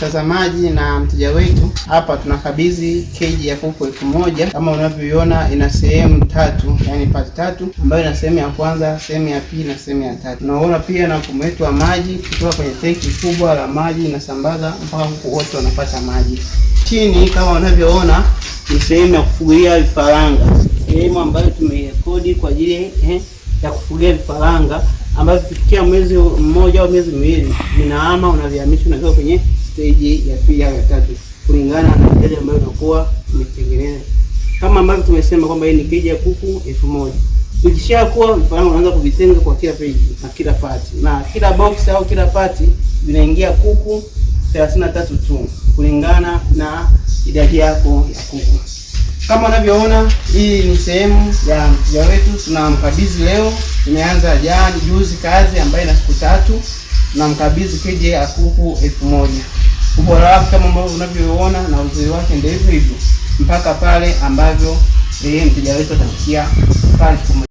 mtazamaji na mteja wetu, hapa tunakabidhi keji ya kuku elfu moja. Kama unavyoiona ina sehemu tatu, yani pati tatu, ambayo ina sehemu ya kwanza, sehemu ya pili na sehemu ya tatu. Unaona pia na mfumo wetu wa maji kutoka kwenye tenki kubwa la maji inasambaza mpaka kuku wote wanapata maji. Chini kama unavyoona ni sehemu ya kufugia vifaranga, sehemu ambayo tumeirekodi kwa ajili eh, ya kufugia vifaranga ambazo zikifikia mwezi mmoja au miezi miwili vinahama, unavihamisha unakiwa kwenye stage ya pili au ya tatu, kulingana na idadi ambayo unakuwa umetengeneza. Kama ambavyo tumesema kwamba hii ni keji ya kuku elfu moja kuwa mfano, unaanza kuvitenga kwa kila page na kila pati na kila box au kila pati vinaingia kuku 33 tu kulingana na idadi yako ya kuku. Kama unavyoona hii ni sehemu ya mteja wetu, tunamkabidhi leo. Imeanza jana juzi kazi ambayo ina siku tatu, tunamkabidhi keji ya kuku elfu moja. Ubora wake kama ambavyo unavyoona na uzuri wake ndio hivyo hivyo mpaka pale ambavyo yeye mteja wetu atafikia pale.